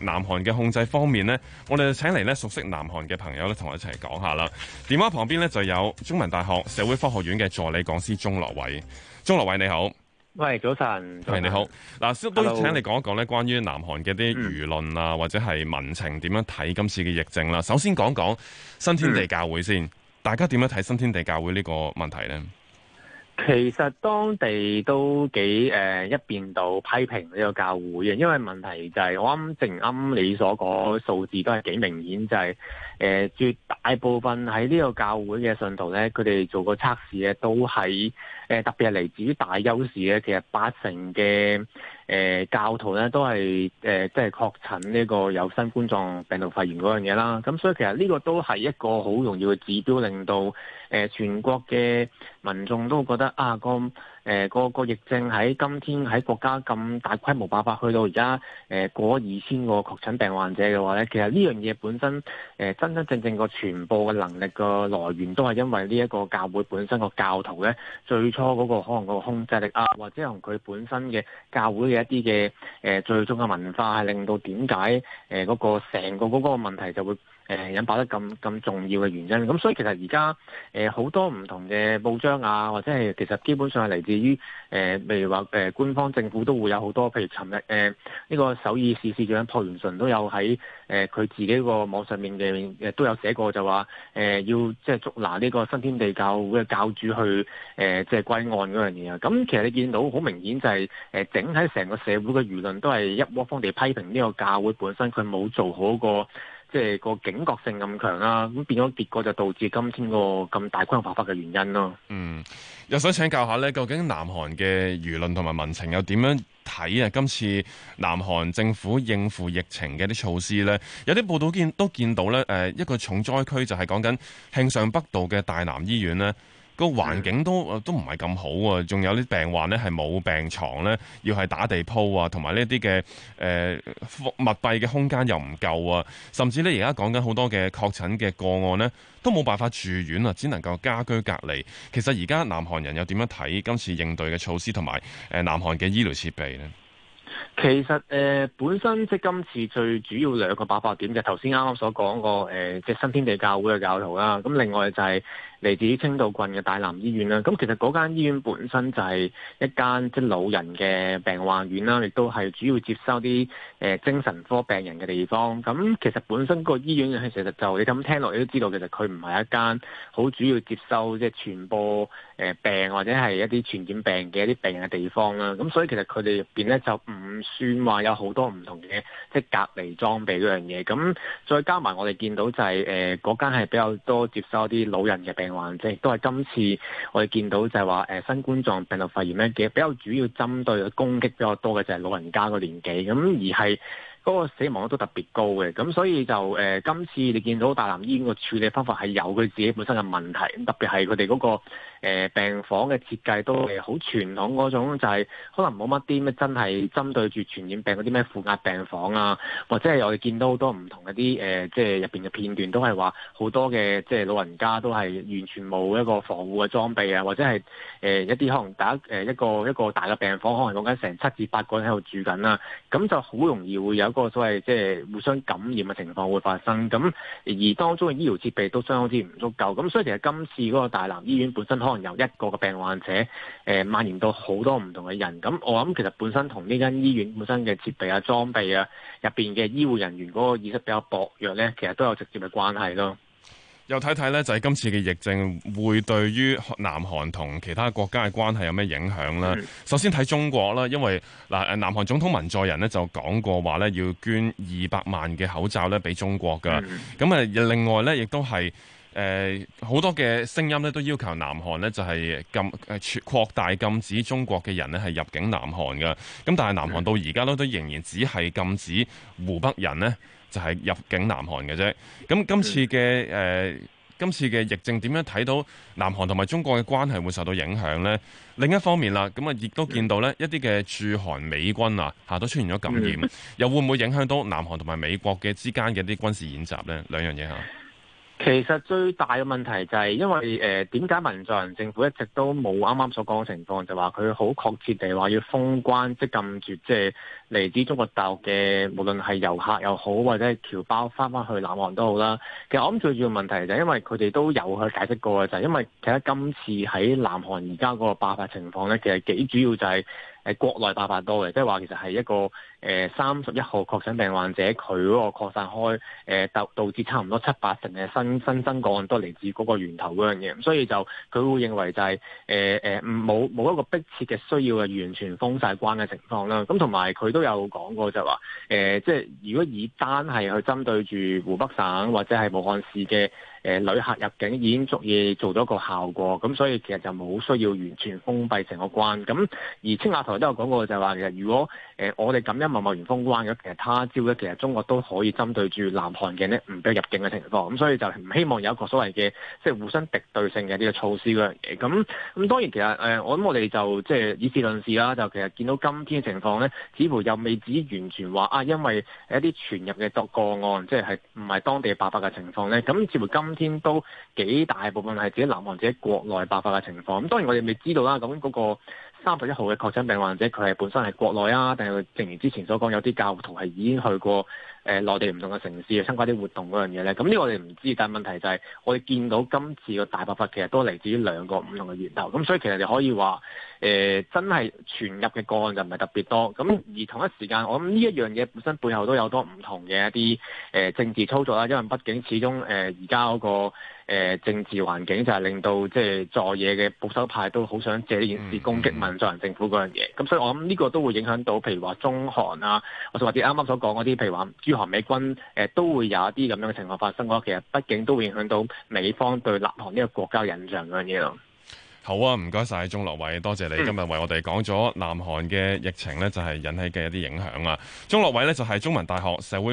南韓嘅控制方面呢，我哋就請嚟咧熟悉南韓嘅朋友咧，同我一齊講下啦。電話旁邊咧就有中文大學社會科學院嘅助理講師鍾樂偉。鍾樂偉你好，喂早晨，係你好。嗱，都請你講一講咧關於南韓嘅啲輿論啊、嗯，或者係民情點樣睇今次嘅疫症啦、啊。首先講講新天地教會先，嗯、大家點樣睇新天地教會呢個問題呢？其實當地都幾誒、呃、一邊倒批評呢個教會嘅，因為問題就係、是、我啱正啱你所講數字都係幾明顯，就係、是、誒、呃、絕大部分喺呢個教會嘅信徒咧，佢哋做過測試嘅都係誒、呃、特別係嚟自於大邱市咧，其實八成嘅。誒、呃，教徒咧都係誒，即、呃、係確診呢個有新冠狀病毒肺炎嗰樣嘢啦，咁所以其實呢個都係一個好重要嘅指標，令到誒全國嘅民眾都覺得啊咁。誒、呃、個,個疫症喺今天喺國家咁大規模爆發，去到而家誒過二千個確診病患者嘅話咧，其實呢樣嘢本身誒、呃、真真正正個全部嘅能力個來源，都係因為呢一個教會本身個教徒咧最初嗰個可能個控制力啊，或者同佢本身嘅教會嘅一啲嘅誒最終嘅文化，係令到點解誒嗰個成個嗰個問題就會。誒引爆得咁咁重要嘅原因，咁所以其實而家誒好多唔同嘅報章啊，或者係其實基本上係嚟自於誒，例、呃、如話誒、呃呃、官方政府都會有好多，譬如尋日呢個首爾市市長朴元淳都有喺誒佢自己個網上面嘅都有寫過就，就話誒要即係捉拿呢個新天地教會嘅教主去誒即係歸案嗰樣嘢啊！咁其實你見到好明顯就係、是呃、整體成個社會嘅輿論都係一窩蜂地批評呢個教會本身佢冇做好個。即係個警覺性咁強啦，咁變咗結果就導致今天個咁大規模發發嘅原因咯。嗯，又想請教下呢，究竟南韓嘅輿論同埋民情又點樣睇啊？今次南韓政府應付疫情嘅啲措施呢，有啲報道見都見到呢，誒一個重災區就係講緊慶尚北道嘅大南醫院呢。個環境都都唔係咁好啊！仲有啲病患咧，係冇病床咧，要係打地鋪啊！同埋呢一啲嘅誒密閉嘅空間又唔夠啊！甚至咧，而家講緊好多嘅確診嘅個案咧，都冇辦法住院啊，只能夠家居隔離。其實而家南韓人又點樣睇今次應對嘅措施同埋誒南韓嘅醫療設備咧？其實誒、呃、本身即今次最主要兩個爆發點就係，頭先啱啱所講過誒即新天地教會嘅教徒啦，咁另外就係、是。嚟自清道郡嘅大南醫院啦，咁其實嗰間醫院本身就係一間即係老人嘅病患院啦，亦都係主要接收啲誒、呃、精神科病人嘅地方。咁其實本身個醫院其實就係、你咁聽落，你都知道其實佢唔係一間好主要接收即係傳播誒、呃、病或者係一啲傳染病嘅一啲病人嘅地方啦。咁所以其實佢哋入面咧就唔算話有好多唔同嘅即係隔離裝備嗰樣嘢。咁再加埋我哋見到就係誒嗰間係比較多接收啲老人嘅病患。環都係今次我哋見到就係話誒新冠狀病毒肺炎咧，其實比較主要針對攻擊比較多嘅就係老人家個年紀咁而係。嗰個死亡率都特別高嘅，咁所以就誒、呃、今次你見到大南醫院個處理方法係有佢自己本身嘅問題，特別係佢哋嗰個、呃、病房嘅設計都係好傳統嗰種，就係、是、可能冇乜啲咩真係針對住傳染病嗰啲咩負壓病房啊，或者係我哋見到好多唔同一啲誒，即係入面嘅片段都係話好多嘅即係老人家都係完全冇一個防護嘅裝備啊，或者係、呃、一啲可能打、呃、一個一個,一個大嘅病房，可能講緊成七至八個人喺度住緊啦、啊，咁就好容易會有。嗰個所謂即係互相感染嘅情況會發生，咁而當中嘅醫療設備都相當之唔足夠，咁所以其實今次嗰個大南醫院本身可能由一個嘅病患者，誒、呃、蔓延到好多唔同嘅人，咁我諗其實本身同呢間醫院本身嘅設備啊、裝備啊、入邊嘅醫護人員嗰個意識比較薄弱呢，其實都有直接嘅關係咯。又睇睇呢，就係今次嘅疫症會對於南韓同其他國家嘅關係有咩影響啦？首先睇中國啦，因為嗱，南韓總統文在寅呢就講過話呢要捐二百萬嘅口罩呢俾中國噶。咁啊，另外呢，亦都係好多嘅聲音呢都要求南韓呢就係禁誒擴大禁止中國嘅人呢係入境南韓噶。咁但係南韓到而家呢都仍然只係禁止湖北人呢。就係、是、入境南韓嘅啫，咁今次嘅誒、呃，今次嘅疫症點樣睇到南韓同埋中國嘅關係會受到影響呢？另一方面啦，咁啊亦都見到呢一啲嘅駐韓美軍啊，吓都出現咗感染，又會唔會影響到南韓同埋美國嘅之間嘅啲軍事演習呢？兩樣嘢吓。其實最大嘅問題就係，因為誒點解文在寅政府一直都冇啱啱所講嘅情況，就話佢好確切地話要封關即、就是、禁住即係嚟自中國大陸嘅，無論係遊客又好，或者係僑胞翻翻去南韓都好啦。其實我諗最主要問題就係，因為佢哋都有去解釋過嘅，就係、是、因為其實今次喺南韓而家嗰個爆發情況咧，其實幾主要就係誒國內爆發多嘅，即係話其實係一個。誒三十一號確診病患者佢嗰個擴散開，誒、呃、導導致差唔多七八成嘅新新增個案都嚟自嗰個源頭嗰樣嘢，所以就佢會認為就係誒誒唔冇冇一個迫切嘅需要係完全封晒關嘅情況啦。咁同埋佢都有講過就係話，誒、呃、即係如果以單係去針對住湖北省或者係武漢市嘅誒、呃、旅客入境已經足以做咗個效果，咁所以其實就冇需要完全封閉成個關。咁而青瓦台都有講過就係話其實如果誒、呃、我哋咁樣貿貿然封關嘅，其實他朝咧，其實中國都可以針對住南韓嘅呢唔俾入境嘅情況，咁所以就唔希望有一個所謂嘅即係互相敵對性嘅呢個措施嗰樣嘢。咁咁當然其實我諗我哋就即係以事論事啦。就其實見到今天嘅情況咧，似乎又未至於完全話啊，因為一啲傳入嘅個案，即係唔係當地爆發嘅情況咧。咁似乎今天都幾大部分係自己南韓自己國內爆發嘅情況。咁當然我哋未知道啦。咁嗰個。三十一號嘅確診病患者，佢係本身係國內啊，定係正如之前所講，有啲教徒係已經去過。誒、呃、內地唔同嘅城市參加啲活動嗰樣嘢咧，咁、這、呢個我哋唔知，但係問題就係、是、我哋見到今次個大爆發其實都嚟自於兩個唔同嘅源頭，咁所以其實你可以話誒、呃、真係傳入嘅個案就唔係特別多，咁而同一時間我諗呢一樣嘢本身背後都有多唔同嘅一啲誒、呃、政治操作啦，因為畢竟始終誒而家嗰個、呃、政治環境就係令到即係在野嘅保守派都好想借呢件事攻擊文在寅政府嗰樣嘢，咁、嗯、所以我諗呢個都會影響到，譬如話中韓啊，或者話啲啱啱所講嗰啲，譬如話。韓美軍誒、呃、都會有一啲咁樣嘅情況發生嘅話，其實畢竟都會影響到美方對南韓呢個國家嘅印象樣嘢咯。好啊，唔該晒鐘樂偉，多謝你、嗯、今日為我哋講咗南韓嘅疫情呢，就係、是、引起嘅一啲影響啊。鐘樂偉呢，就係、是、中文大學社會。